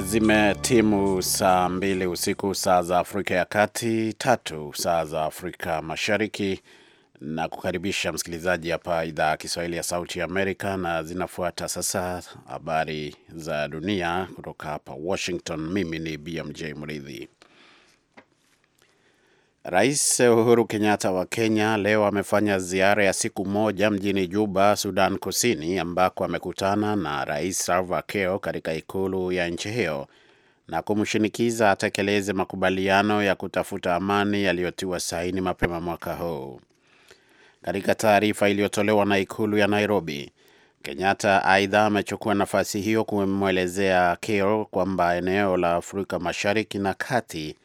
Zimetimu saa mbili usiku saa za Afrika ya Kati, tatu saa za Afrika Mashariki, na kukaribisha msikilizaji hapa idhaa ya Kiswahili ya Sauti ya Amerika, na zinafuata sasa habari za dunia kutoka hapa Washington. Mimi ni BMJ Mridhi. Rais Uhuru Kenyatta wa Kenya leo amefanya ziara ya siku moja mjini Juba, Sudan Kusini, ambako amekutana na Rais Salva Kiir katika ikulu ya nchi hiyo na kumshinikiza atekeleze makubaliano ya kutafuta amani yaliyotiwa saini mapema mwaka huu. Katika taarifa iliyotolewa na ikulu ya Nairobi, Kenyatta aidha amechukua nafasi hiyo kumwelezea Kiir kwamba eneo la Afrika Mashariki na Kati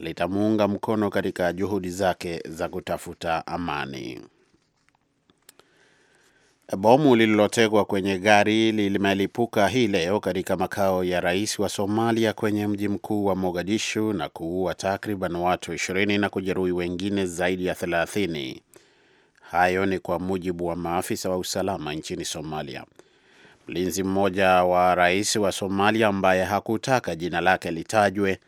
litamuunga mkono katika juhudi zake za kutafuta amani. Bomu lililotegwa kwenye gari limelipuka hii leo katika makao ya rais wa Somalia kwenye mji mkuu wa Mogadishu na kuua takriban watu 20 na kujeruhi wengine zaidi ya 30. Hayo ni kwa mujibu wa maafisa wa usalama nchini Somalia. Mlinzi mmoja wa rais wa Somalia ambaye hakutaka jina lake litajwe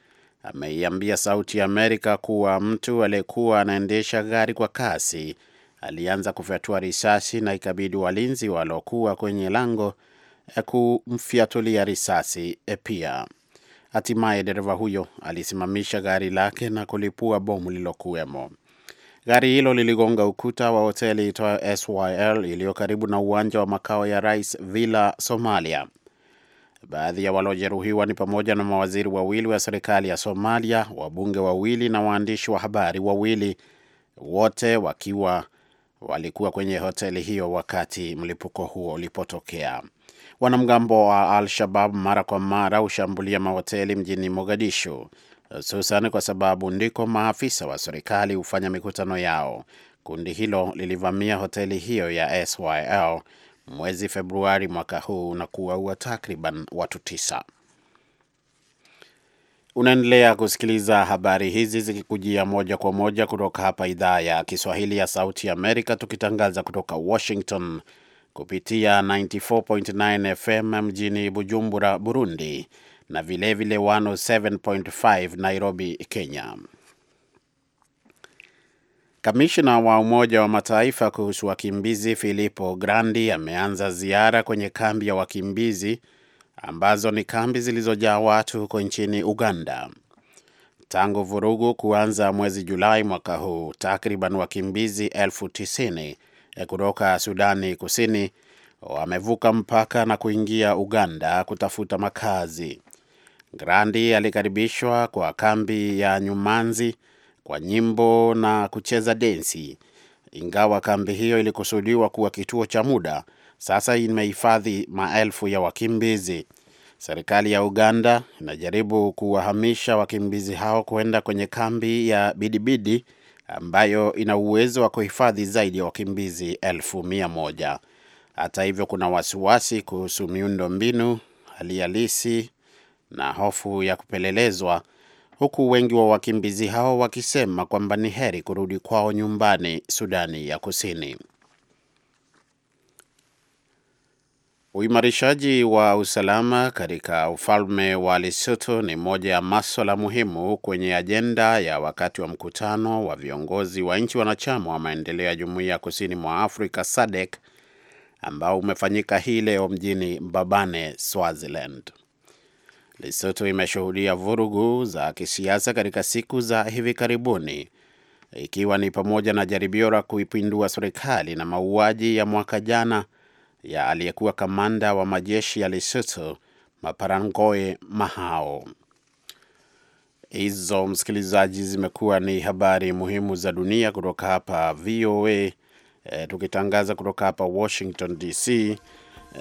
ameiambia Sauti ya Amerika kuwa mtu aliyekuwa anaendesha gari kwa kasi alianza kufyatua risasi na ikabidi walinzi waliokuwa kwenye lango eh, kumfyatulia risasi eh, pia. Hatimaye dereva huyo alisimamisha gari lake na kulipua bomu lilokuwemo. Gari hilo liligonga ukuta wa hoteli itwayo SYL iliyo karibu na uwanja wa makao ya rais Villa Somalia. Baadhi ya waliojeruhiwa ni pamoja na mawaziri wawili wa serikali ya Somalia, wabunge wawili na waandishi wa habari wawili, wote wakiwa walikuwa kwenye hoteli hiyo wakati mlipuko huo ulipotokea. Wanamgambo wa Al-Shabab mara kwa mara hushambulia mahoteli mjini Mogadishu, hususan kwa sababu ndiko maafisa wa serikali hufanya mikutano yao. Kundi hilo lilivamia hoteli hiyo ya SYL mwezi Februari mwaka huu na kuwaua takriban watu tisa. Unaendelea kusikiliza habari hizi zikikujia moja kwa moja kutoka hapa idhaa ya Kiswahili ya Sauti Amerika, tukitangaza kutoka Washington kupitia 94.9 FM mjini Bujumbura, Burundi, na vilevile 107.5 Nairobi, Kenya. Kamishna wa Umoja wa Mataifa kuhusu wakimbizi Filippo Grandi ameanza ziara kwenye kambi ya wakimbizi ambazo ni kambi zilizojaa watu huko nchini Uganda. Tangu vurugu kuanza mwezi Julai mwaka huu, takriban wakimbizi elfu tisini eh, kutoka Sudani Kusini wamevuka mpaka na kuingia Uganda kutafuta makazi. Grandi alikaribishwa kwa kambi ya Nyumanzi kwa nyimbo na kucheza densi. Ingawa kambi hiyo ilikusudiwa kuwa kituo cha muda, sasa imehifadhi maelfu ya wakimbizi. Serikali ya Uganda inajaribu kuwahamisha wakimbizi hao kwenda kwenye kambi ya Bidibidi ambayo ina uwezo wa kuhifadhi zaidi ya wakimbizi elfu mia moja. Hata hivyo, kuna wasiwasi kuhusu miundo mbinu, hali halisi na hofu ya kupelelezwa huku wengi wa wakimbizi hao wakisema kwamba ni heri kurudi kwao nyumbani Sudani ya Kusini. Uimarishaji wa usalama katika ufalme wa Lesotho ni moja ya maswala muhimu kwenye ajenda ya wakati wa mkutano wa viongozi wa nchi wanachama wa maendeleo ya Jumuiya ya Kusini mwa Afrika SADC ambao umefanyika hii leo mjini Mbabane, Swaziland. Lesotho imeshuhudia vurugu za kisiasa katika siku za hivi karibuni, ikiwa ni pamoja na jaribio la kuipindua serikali na mauaji ya mwaka jana ya aliyekuwa kamanda wa majeshi ya Lesotho Maparangoe Mahao. Hizo msikilizaji, zimekuwa ni habari muhimu za dunia kutoka hapa VOA, e, eh, tukitangaza kutoka hapa Washington DC.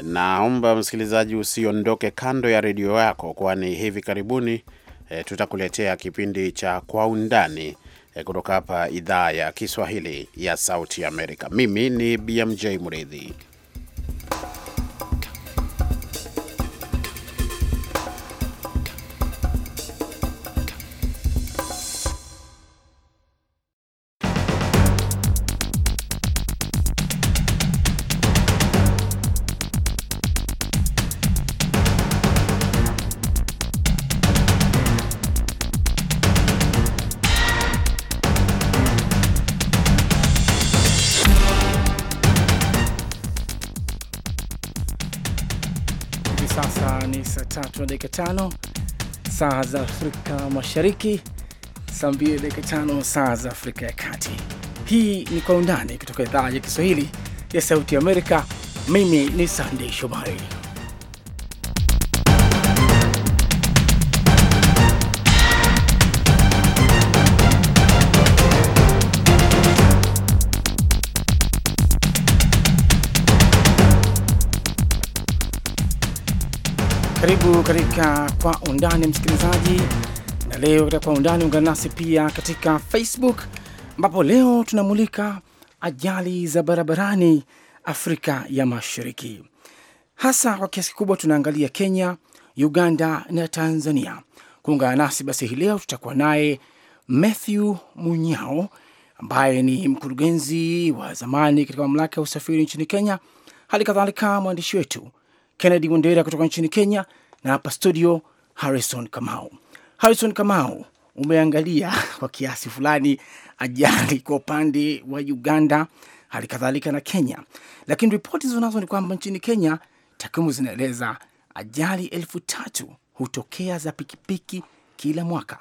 Naomba msikilizaji usiondoke kando ya redio yako, kwani hivi karibuni e, tutakuletea kipindi cha Kwa Undani e, kutoka hapa idhaa ya Kiswahili ya Sauti Amerika. Mimi ni BMJ Muridhi. tano saa za Afrika Mashariki, saa mbili dakika tano saa za Afrika ya Kati. Hii ni Kwa Undani kutoka idhaa ya Kiswahili ya Sauti Amerika. Mimi ni Sandei Shomari. Karibu katika Kwa Undani msikilizaji, na leo katika Kwa Undani ungana nasi pia katika Facebook ambapo leo tunamulika ajali za barabarani Afrika ya Mashariki, hasa kwa kiasi kikubwa tunaangalia Kenya, Uganda na Tanzania. Kuungana nasi basi hii leo tutakuwa naye Matthew Munyao ambaye ni mkurugenzi wa zamani katika mamlaka ya usafiri nchini Kenya, hali kadhalika mwandishi wetu Kennedy Wandera kutoka nchini Kenya na hapa studio Harrison Kamau. Harrison Kamau, umeangalia kwa kiasi fulani ajali kwa upande wa Uganda, hali kadhalika na Kenya, lakini ripoti zinazo ni kwamba nchini Kenya takwimu zinaeleza ajali elfu tatu hutokea za pikipiki kila mwaka,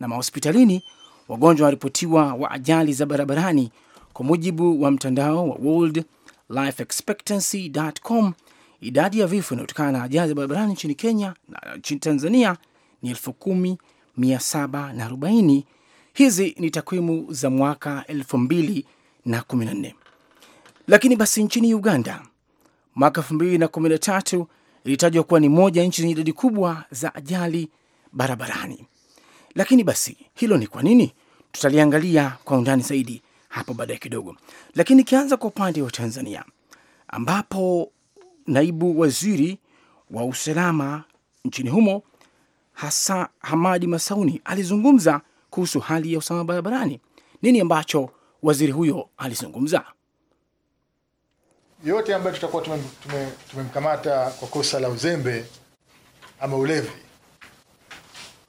na mahospitalini wagonjwa wanaripotiwa wa ajali za barabarani. Kwa mujibu wa mtandao wa World Life Expectancy.com, idadi ya vifo inayotokana na ajali za barabarani nchini Kenya na nchini Tanzania ni elfu kumi mia saba na arobaini. Hizi ni takwimu za mwaka elfu mbili na kumi na nne. Lakini basi nchini Uganda mwaka elfu mbili na kumi na tatu ilitajwa kuwa ni moja nchi zenye idadi kubwa za ajali barabarani. Lakini basi hilo ni kwa nini? Tutaliangalia kwa undani zaidi hapo baadaye kidogo. Lakini ikianza kwa upande wa Tanzania ambapo naibu waziri wa usalama nchini humo hasa Hamadi Masauni alizungumza kuhusu hali ya usalama barabarani. Nini ambacho waziri huyo alizungumza? Yote ambayo tutakuwa tumemkamata tume, tume kwa kosa la uzembe ama ulevi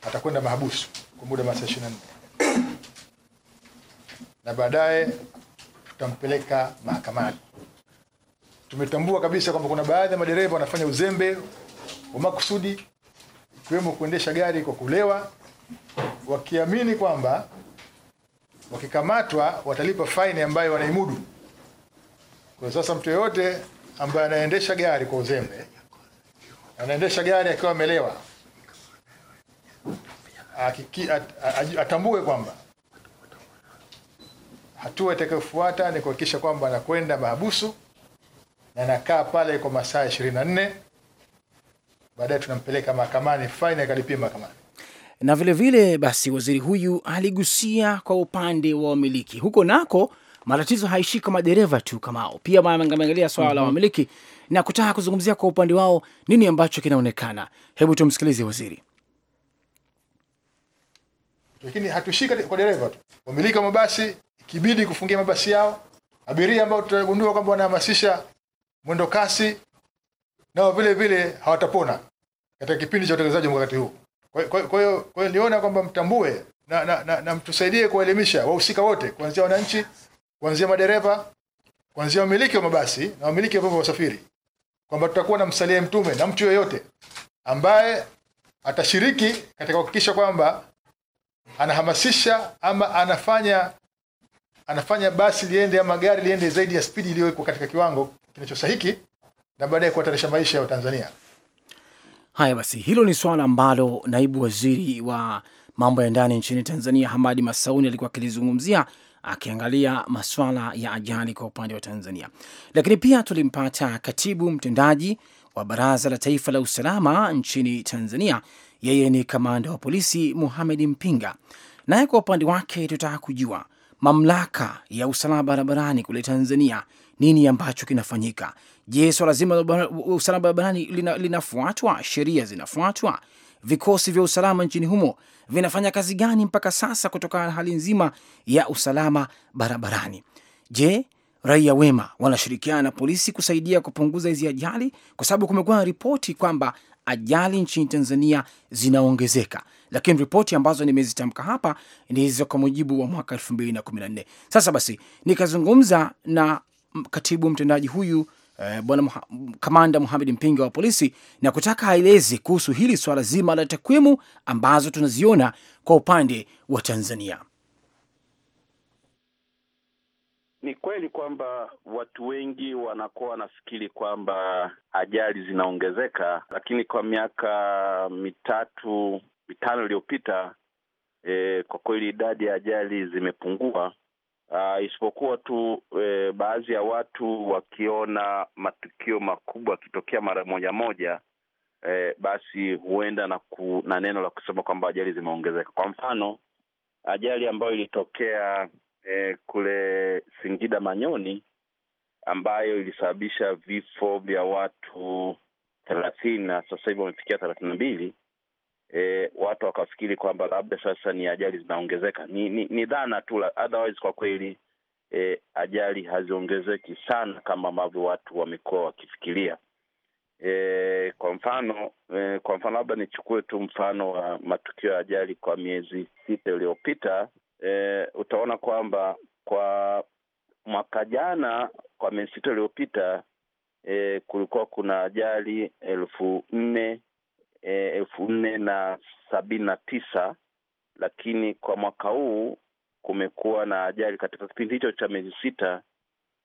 atakwenda mahabusu kwa muda wa masaa nne na baadaye tutampeleka mahakamani tumetambua kabisa kwamba kuna baadhi ya madereva wanafanya uzembe wa makusudi, ikiwemo kuendesha gari kwa kulewa, wakiamini kwamba wakikamatwa watalipa faini ambayo wanaimudu. Kwa sasa mtu yeyote ambaye anaendesha gari kwa uzembe, anaendesha gari akiwa amelewa, atambue kwamba hatua itakayofuata ni kuhakikisha kwamba anakwenda mahabusu na nakaa pale kwa masaa ishirini na nne baadaye tunampeleka mahakamani, faini akalipia mahakamani. Na vile vile, basi waziri huyu aligusia kwa upande wa wamiliki huko nako matatizo haishi kwa madereva tu kamao, pia ameangalia swala la mm -hmm. wamiliki na kutaka kuzungumzia kwa upande wao nini ambacho kinaonekana. Hebu tumsikilize waziri. Lakini hatushika kwa dereva tu, wamiliki wa mabasi ikibidi kufungia mabasi yao, abiria ambao tutagundua kwamba wanahamasisha mwendo kasi, nao vile vile hawatapona katika kipindi cha utekelezaji mkakati huu. Kwa hiyo kwamba mtambue na, na, na, na mtusaidie kuwaelimisha wahusika wote, kuanzia wananchi, kuanzia madereva, kuanzia wamiliki wa mabasi na wamiliki wa vyombo vya usafiri, kwamba tutakuwa na msalia mtume na mtu yoyote ambaye atashiriki katika kuhakikisha kwamba anahamasisha ama anafanya anafanya basi liende ama gari liende zaidi ya spidi iliyowekwa katika kiwango kinachostahiki na baadaye kuhatarisha maisha ya Watanzania. Haya basi, hilo ni swala ambalo naibu waziri wa mambo ya ndani nchini Tanzania Hamadi Masauni alikuwa akilizungumzia akiangalia maswala ya ajali kwa upande wa Tanzania. Lakini pia tulimpata katibu mtendaji wa Baraza la Taifa la Usalama nchini Tanzania, yeye ni kamanda wa polisi Muhamedi Mpinga, naye kwa upande wake tutaka kujua mamlaka ya usalama barabarani kule Tanzania, nini ambacho kinafanyika? Je, swala zima la usalama barabarani linafuatwa? Lina sheria zinafuatwa? Vikosi vya usalama nchini humo vinafanya kazi gani mpaka sasa kutokana na hali nzima ya usalama barabarani? Je, raia wema wanashirikiana na polisi kusaidia kupunguza hizi ajali? Kwa sababu kumekuwa na ripoti kwamba ajali nchini Tanzania zinaongezeka lakini ripoti ambazo nimezitamka hapa ni hizo kwa mujibu wa mwaka elfu mbili na kumi na nne. Sasa basi nikazungumza na katibu mtendaji huyu eh, bwana Muha, kamanda Muhamed Mpinga wa polisi na kutaka aeleze kuhusu hili swala zima la takwimu ambazo tunaziona kwa upande wa Tanzania. Ni kweli kwamba watu wengi wanakuwa wanafikiri kwamba ajali zinaongezeka, lakini kwa miaka mitatu mitano iliyopita e, kwa kweli idadi ya ajali zimepungua, isipokuwa tu e, baadhi ya watu wakiona matukio makubwa akitokea mara moja moja e, basi huenda na, ku, na neno la kusema kwamba ajali zimeongezeka. Kwa mfano ajali ambayo ilitokea e, kule Singida Manyoni ambayo ilisababisha vifo vya watu thelathini na sasa hivi wamefikia thelathini na mbili e, watu wakafikiri kwamba labda sasa ni ajali zinaongezeka. Ni, ni, ni dhana tu, otherwise kwa kweli e, ajali haziongezeki sana kama ambavyo watu wamekuwa wakifikiria. E, kwa mfano e, kwa mfano labda nichukue tu mfano wa matukio ya ajali kwa miezi sita iliyopita. E, utaona kwamba kwa mwaka jana kwa miezi sita iliyopita e, kulikuwa kuna ajali elfu nne elfu nne na sabini na tisa lakini kwa mwaka huu kumekuwa na ajali katika kipindi hicho cha miezi sita,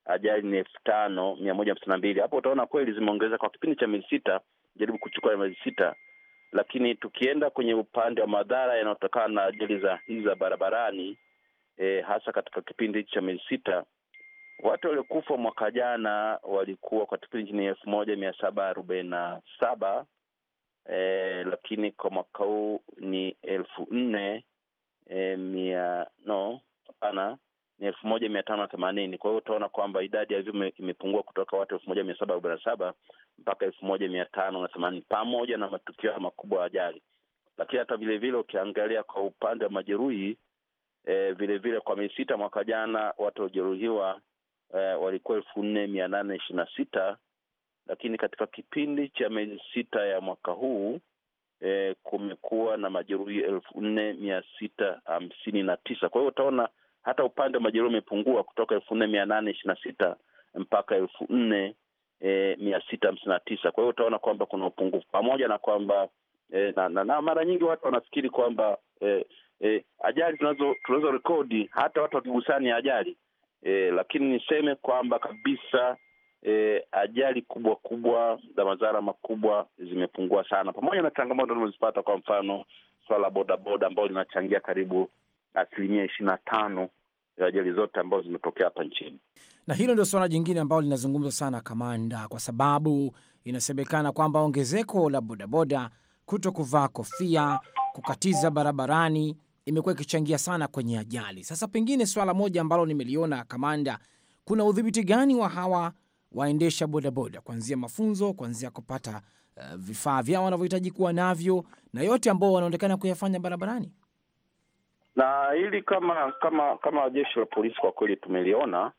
ajali ni elfu tano mia moja hamsini na mbili. Hapo utaona kweli zimeongezeka kwa kipindi cha miezi sita, jaribu kuchukua miezi sita. Lakini tukienda kwenye upande wa madhara yanayotokana na ajali za hizi za barabarani e, hasa katika kipindi hichi cha miezi sita, watu waliokufa mwaka jana walikuwa kwa kipindi ni elfu moja mia saba arobaini na saba e, lakini kwa mwaka huu ni elfu nne e, mia no hapana ni elfu moja mia tano na themanini kwa hiyo utaona kwamba idadi ya vifo imepungua kutoka watu elfu moja mia saba arobaini na saba mpaka elfu moja mia tano na themanini pamoja na matukio makubwa ya ajali lakini hata vilevile ukiangalia kwa upande wa majeruhi vilevile eh, vile kwa misita sita mwaka jana watu waliojeruhiwa e, walikuwa elfu nne mia nane ishirini na sita lakini katika kipindi cha miezi sita ya mwaka huu e, kumekuwa na majeruhi elfu nne mia sita hamsini na tisa. Kwa hiyo utaona hata upande wa majeruhi umepungua kutoka elfu nne mia nane ishirini na sita mpaka elfu nne e, mia sita hamsini na tisa. Kwa hiyo utaona kwamba kuna upungufu pamoja na kwamba e, na, na, na mara nyingi watu wanafikiri kwamba e, e, ajali tunazo tunazo rekodi hata watu wakigusani ajali e, lakini niseme kwamba kabisa e, ajali kubwa kubwa za madhara makubwa zimepungua sana, pamoja na changamoto limezipata. Kwa mfano swala la bodaboda ambayo linachangia karibu asilimia ishirini na tano ya ajali zote ambazo zimetokea hapa nchini, na hilo ndio suala jingine ambalo linazungumzwa sana, Kamanda, kwa sababu inasemekana kwamba ongezeko la bodaboda kuto kuvaa kofia, kukatiza barabarani imekuwa ikichangia sana kwenye ajali. Sasa pengine swala moja ambalo nimeliona, Kamanda, kuna udhibiti gani wa hawa waendesha bodaboda, kuanzia mafunzo, kuanzia kupata uh, vifaa vyao wanavyohitaji kuwa navyo na yote ambao wanaonekana kuyafanya barabarani. Na hili kama kama kama jeshi la polisi kwa kweli tumeliona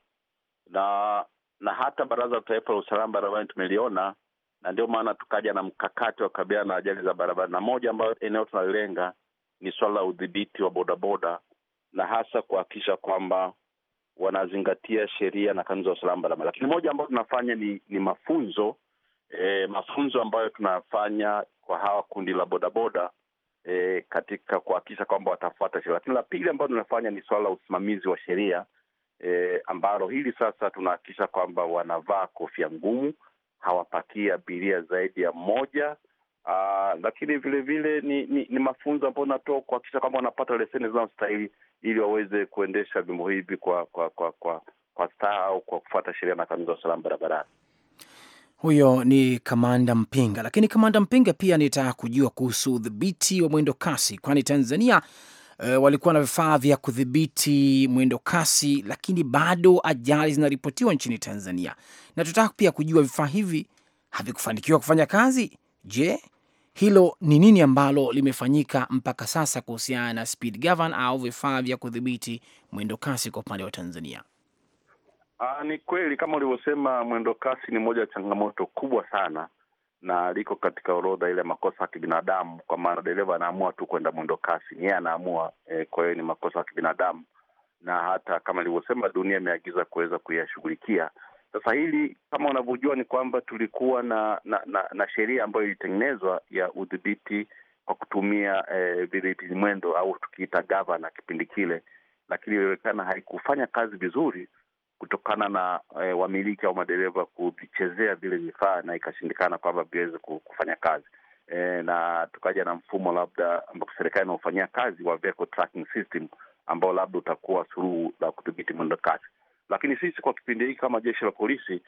na na hata Baraza la Taifa la Usalama Barabarani tumeliona, na ndio maana tukaja na mkakati wa kukabiliana na ajali za barabara, na moja ambayo eneo tunalilenga ni swala la udhibiti wa bodaboda na hasa kuhakikisha kwamba wanazingatia sheria na kanuni za usalama barabarani. Lakini moja ambayo tunafanya ni, ni mafunzo e, mafunzo ambayo tunafanya kwa hawa kundi la bodaboda e, katika kuhakikisha kwamba watafuata sheria. Lakini la pili ambayo tunafanya ni suala la usimamizi wa sheria e, ambalo hili sasa tunahakikisha kwamba wanavaa kofia ngumu, hawapakii abiria zaidi ya mmoja Uh, lakini vile vile ni, ni, ni mafunzo ambayo natoa kuhakikisha kwamba wanapata leseni zinazostahili ili waweze kuendesha vyombo hivi kwa kwa kwa kwa, kwa staa au kwa kufuata sheria na kanuni za usalama barabarani. Huyo ni Kamanda Mpinga. Lakini Kamanda Mpinga pia nitaka kujua kuhusu udhibiti wa mwendo kasi, kwani Tanzania e, walikuwa na vifaa vya kudhibiti mwendo kasi, lakini bado ajali zinaripotiwa nchini Tanzania, na tutaka pia kujua vifaa hivi havikufanikiwa kufanya kazi. Je, hilo ni nini ambalo limefanyika mpaka sasa kuhusiana na speed govern au vifaa vya kudhibiti mwendo kasi kwa upande wa Tanzania? Aa, ah, ni kweli kama ulivyosema, mwendo kasi ni moja ya changamoto kubwa sana na liko katika orodha ile makosa ya kibinadamu, kwa maana dereva anaamua tu kwenda mwendo kasi, ni yeye anaamua eh. Kwa hiyo ni makosa ya kibinadamu, na hata kama ilivyosema dunia imeagiza kuweza kuyashughulikia sasa hili kama unavyojua ni kwamba tulikuwa na na, na, na sheria ambayo ilitengenezwa ya udhibiti kwa kutumia eh, mwendo au tukiita gavana kipindi kile, lakini ilionekana haikufanya kazi vizuri kutokana na eh, wamiliki au madereva kuvichezea vile vifaa na ikashindikana kwamba viweze kufanya kazi eh, na tukaja na mfumo labda ambapo serikali inaofanyia kazi wa vehicle tracking system ambao labda utakuwa suluhu la kudhibiti mwendo kasi lakini sisi kwa kipindi hiki kama jeshi la polisi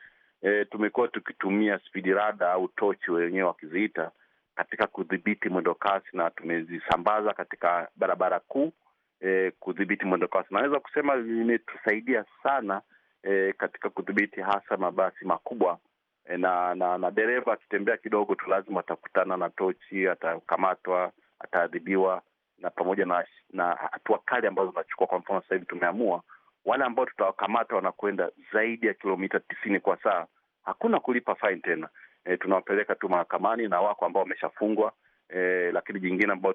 e, tumekuwa tukitumia spidi rada au tochi wenyewe wakiziita katika kudhibiti mwendo kasi na tumezisambaza katika barabara kuu e, kudhibiti mwendo kasi. Naweza kusema limetusaidia sana e, katika kudhibiti hasa mabasi makubwa e, na na, na dereva akitembea kidogo tu lazima atakutana na tochi, atakamatwa, ataadhibiwa na pamoja na hatua kali ambazo zinachukua Kwa mfano sasa hivi tumeamua wale ambao tutawakamata wanakwenda zaidi ya kilomita tisini kwa saa, hakuna kulipa fain tena. E, tunawapeleka tu mahakamani na wako ambao wameshafungwa. E, lakini jingine ambao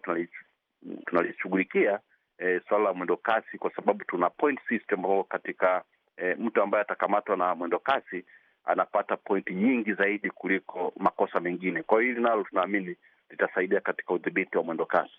tunalishughulikia e, swala la mwendo kasi, kwa sababu tuna point system ambao katika e, mtu ambaye atakamatwa na mwendo kasi anapata pointi nyingi zaidi kuliko makosa mengine. Kwa hiyo hili nalo tunaamini litasaidia katika udhibiti wa mwendo kasi.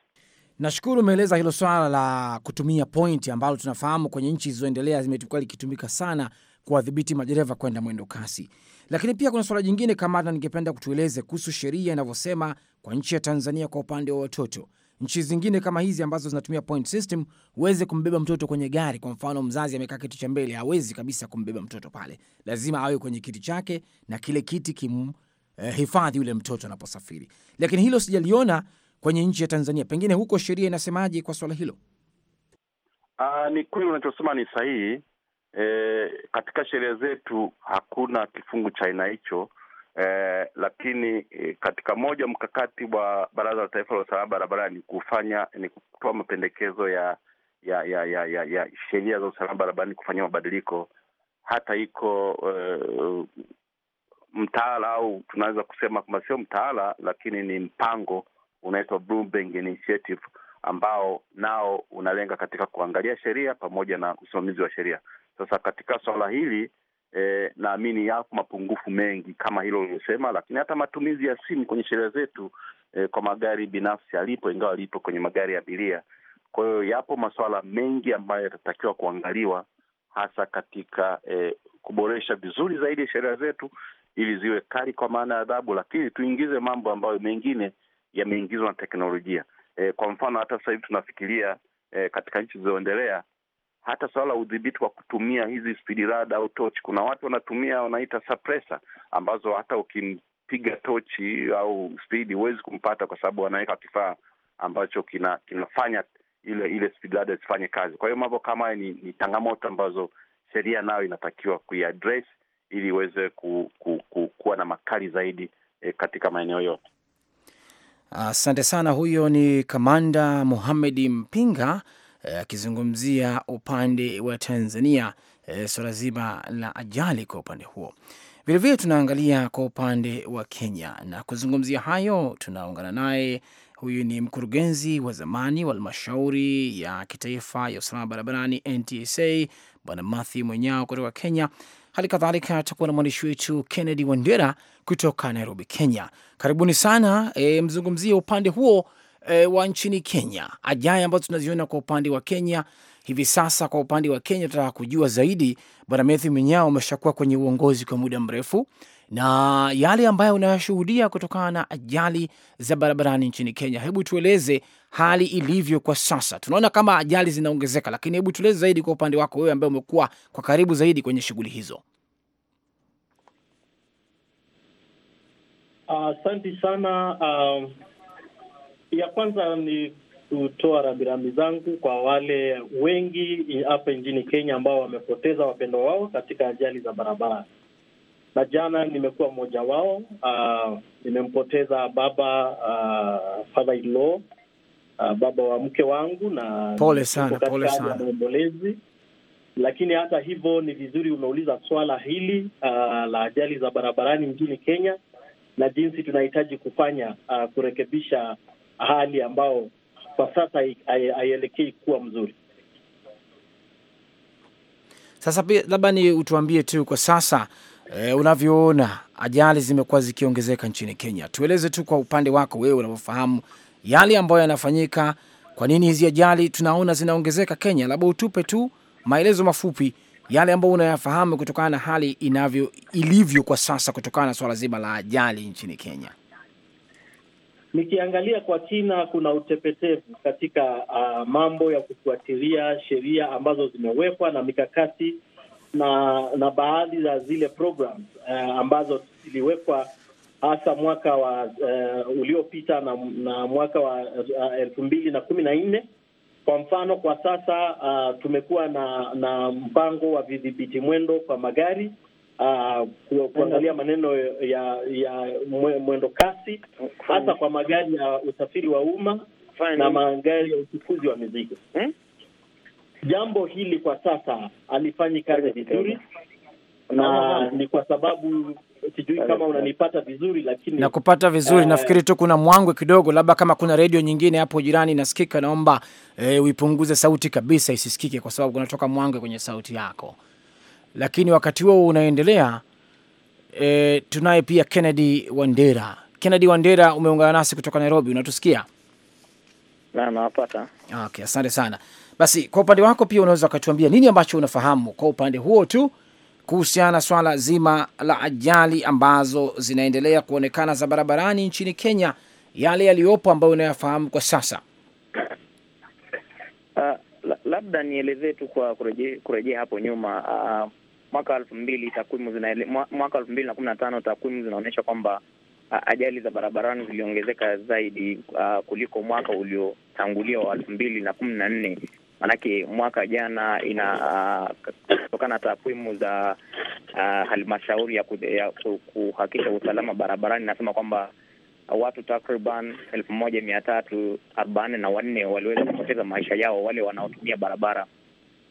Nashukuru umeeleza hilo swala la kutumia point ambalo tunafahamu kwenye nchi zilizoendelea zimekuwa likitumika sana kuwadhibiti madereva kwenda mwendo kasi, lakini pia kuna swala jingine Kamanda, ningependa kutueleze kuhusu sheria inavyosema kwa nchi ya Tanzania kwa upande wa watoto. Nchi zingine kama hizi ambazo zinatumia point system, huweze kumbeba mtoto kwenye gari. Kwa mfano, mzazi amekaa kiti cha mbele, hawezi kabisa kumbeba mtoto pale, lazima awe kwenye kiti chake na kile kiti kimhifadhi eh, yule mtoto anaposafiri. Lakini hilo sijaliona kwenye nchi ya Tanzania. Pengine huko sheria inasemaje kwa swala hilo? uh, ni kweli unachosema ni sahihi. E, katika sheria zetu hakuna kifungu cha aina hicho e, lakini e, katika moja mkakati wa Baraza la Taifa la Usalama Barabarani kufanya ni kutoa mapendekezo ya ya ya ya, ya, ya sheria za usalama barabarani kufanyia mabadiliko. Hata iko e, mtaala au tunaweza kusema kwamba sio mtaala, lakini ni mpango unaitwa Bloomberg Initiative ambao nao unalenga katika kuangalia sheria pamoja na usimamizi wa sheria. Sasa katika swala hili e, naamini yapo mapungufu mengi kama hilo uliosema, lakini hata matumizi ya simu kwenye sheria zetu e, kwa magari binafsi alipo, ingawa alipo kwenye magari ya abiria. Kwa hiyo yapo masuala mengi ambayo yatatakiwa kuangaliwa hasa katika e, kuboresha vizuri zaidi sheria zetu ili ziwe kali kwa maana ya adhabu, lakini tuingize mambo ambayo mengine yameingizwa na teknolojia. E, kwa mfano hata sasa hivi tunafikiria e, katika nchi zilizoendelea hata suala la udhibiti wa kutumia hizi spidirada au tochi, kuna watu wanatumia wanaita sapresa, ambazo hata ukimpiga tochi au spidi huwezi kumpata, kwa sababu wanaweka kifaa ambacho kina, kinafanya ile ile spidirada isifanye kazi. Kwa hiyo mambo kama haya ni, ni changamoto ambazo sheria nayo inatakiwa kuiadres ili iweze ku, ku, ku, kuwa na makali zaidi eh, katika maeneo yote. Asante sana. Huyo ni Kamanda muhamedi Mpinga eh, akizungumzia uh, upande wa Tanzania uh, eh, suala zima la ajali kwa upande huo. Vilevile tunaangalia kwa upande wa Kenya na kuzungumzia hayo, tunaungana naye. Huyu ni mkurugenzi wa zamani wa halmashauri ya kitaifa ya usalama barabarani NTSA, Bwana Mathi Mwenyao kutoka Kenya. Hali kadhalika takuwa na mwandishi wetu Kennedy Wandera kutoka Nairobi, Kenya. Karibuni sana e, mzungumzie upande huo e, wa nchini Kenya, ajaya ambazo tunaziona kwa upande wa Kenya hivi sasa. Kwa upande wa Kenya tunataka kujua zaidi. Bwana Mathew Minyao, umeshakuwa kwenye uongozi kwa muda mrefu, na yale ambayo unayashuhudia kutokana na ajali za barabarani nchini Kenya, hebu tueleze hali ilivyo kwa sasa. Tunaona kama ajali zinaongezeka, lakini hebu tueleze zaidi kwa upande wako wewe, ambaye umekuwa kwa karibu zaidi kwenye shughuli hizo. Asante uh, sana uh, ya kwanza ni kutoa rambirambi zangu kwa wale wengi hapa nchini Kenya ambao wamepoteza wapendwa wao katika ajali za barabara, na jana nimekuwa mmoja wao. Uh, nimempoteza baba uh, father in law uh, baba wa mke wangu, na pole sana, pole sana maombolezi. Lakini hata hivyo ni vizuri umeuliza swala hili uh, la ajali za barabarani nchini Kenya na jinsi tunahitaji kufanya uh, kurekebisha hali ambayo kwa sasa haielekei kuwa mzuri. Sasa pia labda ni utuambie tu kwa sasa eh, unavyoona ajali zimekuwa zikiongezeka nchini Kenya. Tueleze tu kwa upande wako wewe unavyofahamu yale ambayo yanafanyika. Kwa nini hizi ajali tunaona zinaongezeka Kenya? Labda utupe tu maelezo mafupi yale ambayo unayafahamu kutokana na hali inavyo ilivyo kwa sasa kutokana na swala zima la ajali nchini Kenya. Nikiangalia kwa kina, kuna utepetevu katika uh, mambo ya kufuatilia sheria ambazo zimewekwa na mikakati na na baadhi ya zile programs uh, ambazo ziliwekwa hasa mwaka wa uh, uliopita na, na mwaka wa uh, elfu mbili na kumi na nne. Kwa mfano kwa sasa uh, tumekuwa na na mpango wa vidhibiti mwendo kwa magari uh, kuangalia maneno ya ya mwendo kasi hasa kwa magari ya usafiri wa umma na magari ya uchukuzi wa mizigo hmm? Jambo hili kwa sasa alifanyi kazi vizuri na ni kwa sababu sijui eh, kama eh. unanipata vizuri, lakini na kupata vizuri. Eh. Nafikiri tu kuna mwangwe kidogo, labda kama kuna redio nyingine hapo jirani nasikika, naomba e, uipunguze sauti kabisa isisikike, kwa sababu kunatoka mwangwe kwenye sauti yako. Lakini wakati huo unaendelea, e, tunaye pia Kennedy Wandera. Kennedy Wandera, umeungana nasi kutoka Nairobi, unatusikia? Na nawapata. Okay, asante sana. Basi kwa upande wako pia unaweza ukatuambia nini ambacho unafahamu kwa upande huo tu kuhusiana na swala zima la ajali ambazo zinaendelea kuonekana za barabarani nchini Kenya, yale yaliyopo ambayo unayafahamu kwa sasa. Uh, labda nielezee tu kwa kurejea hapo nyuma uh, mwaka elfu mbili takwimu mwaka elfu mbili na kumi na tano takwimu zinaonyesha kwamba uh, ajali za barabarani ziliongezeka zaidi uh, kuliko mwaka uliotangulia wa elfu mbili na kumi na nne maanake mwaka jana ina uh, kutokana uh, na takwimu za uh, halmashauri ya, ya kuhakikisha usalama barabarani inasema kwamba watu takriban elfu moja mia tatu arobaini na wanne waliweza kupoteza maisha yao wale wanaotumia barabara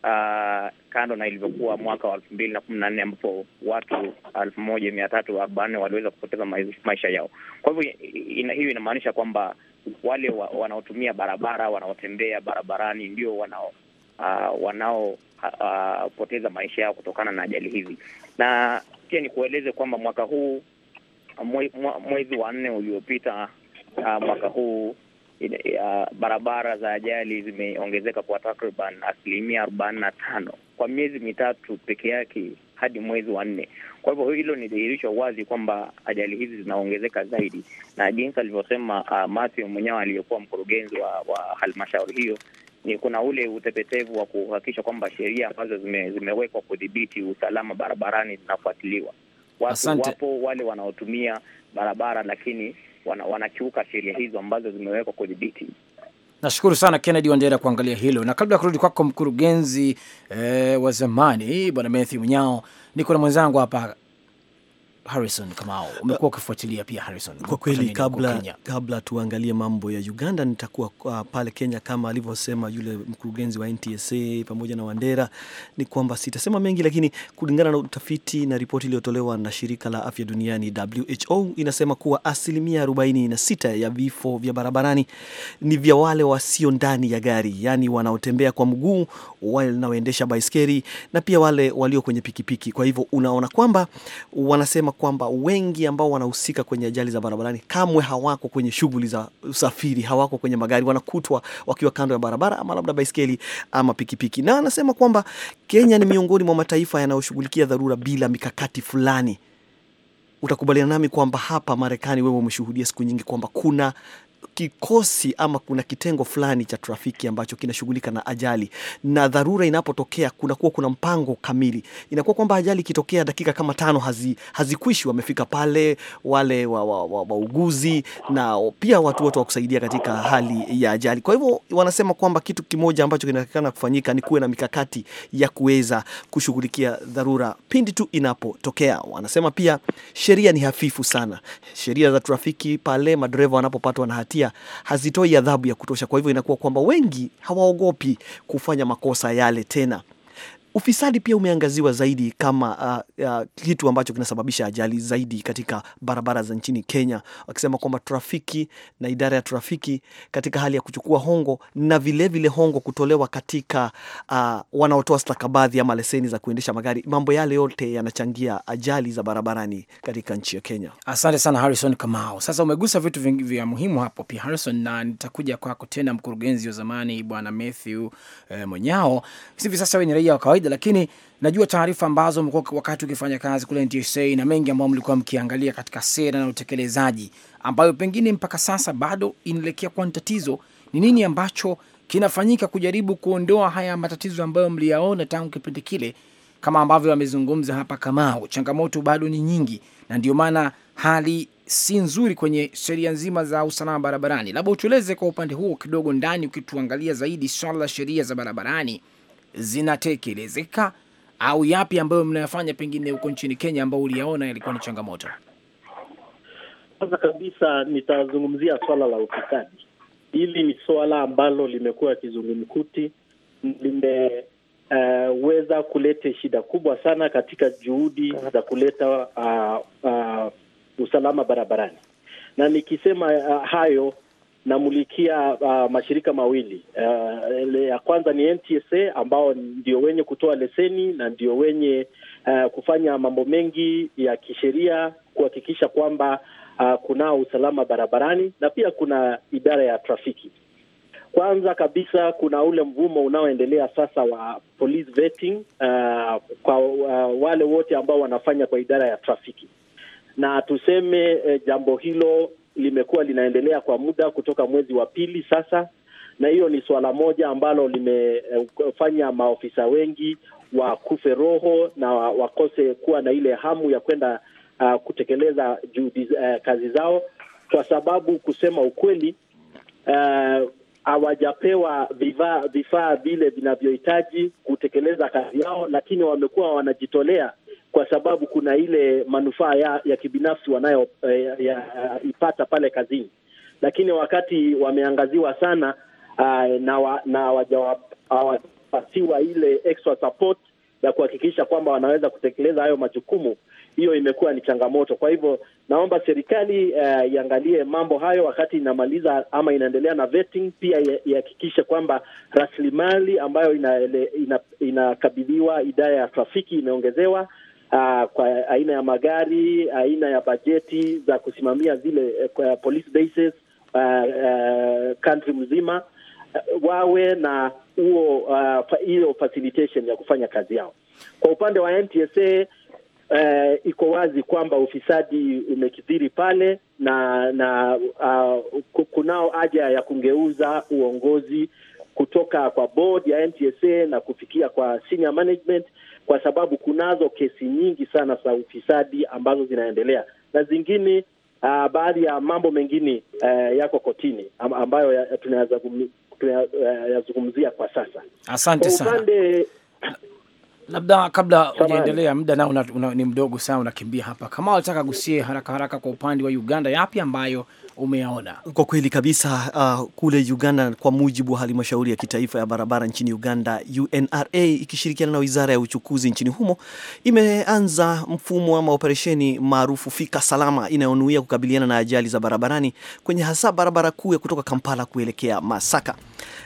uh, kando na ilivyokuwa mwaka wa elfu mbili na kumi na nne ambapo watu elfu moja mia tatu arobaini waliweza kupoteza maisha yao. Kwa hivyo hiyo ina, inamaanisha kwamba wale wa, wanaotumia barabara wanaotembea barabarani ndio wanao uh, wanaopoteza uh, uh maisha yao kutokana na ajali hizi. Na pia nikueleze kwamba mwaka huu mwe, mwezi wa nne uliopita uh, mwaka huu uh, barabara za ajali zimeongezeka kwa takriban asilimia arobaini na tano kwa miezi mitatu peke yake hadi mwezi wa nne. Kwa hivyo hilo ni dhihirisho wazi kwamba ajali hizi zinaongezeka zaidi, na jinsi alivyosema uh, Matthew mwenyewe aliyekuwa mkurugenzi wa, wa halmashauri hiyo ni kuna ule utepetevu wa kuhakikisha kwamba sheria ambazo zime, zimewekwa kudhibiti usalama barabarani zinafuatiliwa. Watu Wapo wale wanaotumia barabara lakini wana, wanakiuka sheria hizo ambazo zimewekwa kudhibiti Nashukuru sana Kennedy Wandera kuangalia hilo, na kabla ya kurudi kwako mkurugenzi eh, wa zamani bwana Matthew Mnyao, niko na mwenzangu hapa Harrison Kamau, umekuwa ukifuatilia pia Harrison. Kwa kweli, kabla kabla tuangalie mambo ya Uganda, nitakuwa uh, pale Kenya kama alivyosema yule mkurugenzi wa NTSA pamoja na Wandera, ni kwamba sitasema mengi, lakini kulingana na utafiti na ripoti iliyotolewa na shirika la afya duniani WHO, inasema kuwa asilimia 46 ya vifo vya barabarani ni vya wale wasio ndani ya gari, yani wanaotembea kwa mguu, wanaoendesha baiskeli na pia wale walio kwenye pikipiki. Kwa hivyo unaona kwamba wanasema anasema kwamba wengi ambao wanahusika kwenye ajali za barabarani kamwe hawako kwenye shughuli za usafiri, hawako kwenye magari, wanakutwa wakiwa kando ya barabara ama labda baiskeli ama pikipiki. Na anasema kwamba Kenya ni miongoni mwa mataifa yanayoshughulikia dharura bila mikakati fulani. Utakubaliana nami kwamba hapa Marekani, wewe umeshuhudia siku nyingi kwamba kuna kikosi ama kuna kitengo fulani cha trafiki ambacho kinashughulika na ajali, na dharura inapotokea kunakuwa kuna mpango kamili. Inakuwa kwamba ajali ikitokea, dakika kama tano hazikwishi, hazi wamefika pale wale wauguzi wa, wa, wa na pia watu wote wa kusaidia katika hali ya ajali. Kwa hivyo wanasema kwamba kitu kimoja ambacho kinatakikana kufanyika ni kuwe na mikakati ya kuweza kushughulikia dharura pindi tu inapotokea. Wanasema pia sheria ni hafifu sana, sheria za trafiki pale madereva wanapopatwa na hati hatia hazitoi adhabu ya kutosha. Kwa hivyo inakuwa kwamba wengi hawaogopi kufanya makosa yale tena. Ufisadi pia umeangaziwa zaidi kama uh, uh, kitu ambacho kinasababisha ajali zaidi katika barabara za nchini Kenya, wakisema kwamba trafiki na idara ya trafiki katika hali ya kuchukua hongo na vilevile vile hongo kutolewa katika uh, wanaotoa stakabadhi ama leseni za kuendesha magari. Mambo yale yote yanachangia ajali za barabarani katika nchi ya Kenya. Asante sana Harrison Kamau. Sasa umegusa vitu vingi vya muhimu hapo pia Harrison, na nitakuja kwako tena, mkurugenzi wa zamani Bwana Matthew eh, Mwenyao. Hivi sasa wewe ni raia wa kawaida kawaida, lakini najua taarifa ambazo mko wakati ukifanya kazi kule NTSA na mengi ambayo mlikuwa mkiangalia katika sera na utekelezaji, ambayo pengine mpaka sasa bado inaelekea kuwa ni tatizo. Ni nini ambacho kinafanyika kujaribu kuondoa haya matatizo ambayo mliyaona tangu kipindi kile? Kama ambavyo amezungumza hapa Kamao, changamoto bado ni nyingi, na ndio maana hali si nzuri kwenye sheria nzima za usalama barabarani. Labda utueleze kwa upande huo kidogo ndani, ukituangalia zaidi swala la sheria za barabarani zinatekelezeka au yapi ambayo mnayofanya pengine huko nchini Kenya ambao uliyaona yalikuwa ni changamoto? Kwanza kabisa nitazungumzia swala la ufisadi. Hili ni swala ambalo limekuwa kizungumkuti, limeweza eh, uh, kuleta shida kubwa sana katika juhudi za kuleta uh, uh, usalama barabarani, na nikisema uh, hayo namulikia uh, mashirika mawili uh, ya kwanza ni NTSA ambao ndio wenye kutoa leseni na ndio wenye uh, kufanya mambo mengi ya kisheria kuhakikisha kwamba uh, kunao usalama barabarani, na pia kuna idara ya trafiki. Kwanza kabisa kuna ule mvumo unaoendelea sasa wa police vetting uh, kwa uh, wale wote ambao wanafanya kwa idara ya trafiki, na tuseme eh, jambo hilo limekuwa linaendelea kwa muda kutoka mwezi wa pili sasa, na hiyo ni suala moja ambalo limefanya maofisa wengi wakufe roho na wakose kuwa na ile hamu ya kwenda uh, kutekeleza juhudi uh, kazi zao, kwa sababu kusema ukweli uh, hawajapewa uh, vifaa vile vinavyohitaji kutekeleza kazi yao, lakini wamekuwa wanajitolea kwa sababu kuna ile manufaa ya, ya kibinafsi wanayoipata eh, pale kazini, lakini wakati wameangaziwa sana eh, na wa, na hawajapatiwa ile extra support ya kuhakikisha kwamba wanaweza kutekeleza hayo majukumu, hiyo imekuwa ni changamoto. Kwa hivyo naomba serikali uh, iangalie mambo hayo wakati inamaliza ama inaendelea na vetting, pia ihakikishe kwamba rasilimali ambayo inakabidhiwa ina, ina idara ya trafiki imeongezewa uh, kwa aina ya magari, aina ya bajeti za kusimamia zile eh, kwa police bases uh, uh, country mzima uh, wawe na huo hiyo uh, facilitation ya kufanya kazi yao. Kwa upande wa NTSA uh, eh, iko wazi kwamba ufisadi umekithiri pale na na uh, kunao haja ya kungeuza uongozi kutoka kwa board ya NTSA na kufikia kwa senior management, kwa sababu kunazo kesi nyingi sana za ufisadi ambazo zinaendelea na zingine uh, baadhi ya mambo mengine uh, yako kotini ambayo ya, tunayazungumzia eh, kwa sasa. Asante upande sana. Labda kabla hujaendelea, muda nao ni mdogo sana, unakimbia hapa. Kama unataka gusie haraka haraka kwa upande wa Uganda, yapi ambayo umeyaona? Kwa kweli kabisa, uh, kule Uganda, kwa mujibu wa halmashauri ya kitaifa ya barabara nchini Uganda, UNRA ikishirikiana na wizara ya uchukuzi nchini humo imeanza mfumo ama operesheni maarufu Fika Salama inayonuia kukabiliana na ajali za barabarani kwenye hasa barabara kuu ya kutoka Kampala kuelekea Masaka.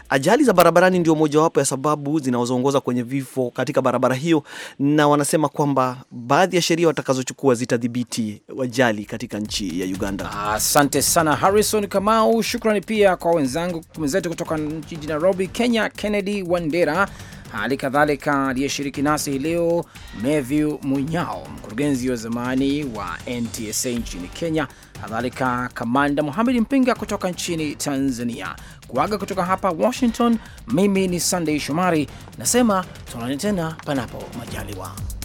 Ajali za barabarani ndio mojawapo ya sababu zinazoongoza kwenye vifo katika barabara hiyo, na wanasema kwamba baadhi ya sheria watakazochukua zitadhibiti ajali katika nchi ya Uganda. Asante sana Harrison Kamau, shukrani pia kwa wenzangu wenzetu kutoka jijini Nairobi, Kenya, Kennedy Wandera, hali kadhalika aliyeshiriki nasi hii leo Mathew Munyao, mkurugenzi wa zamani wa NTSA nchini Kenya, kadhalika Kamanda Muhamed Mpinga kutoka nchini Tanzania. Kuaga kutoka hapa Washington, mimi ni Sunday Shomari nasema tuonane tena panapo majaliwa.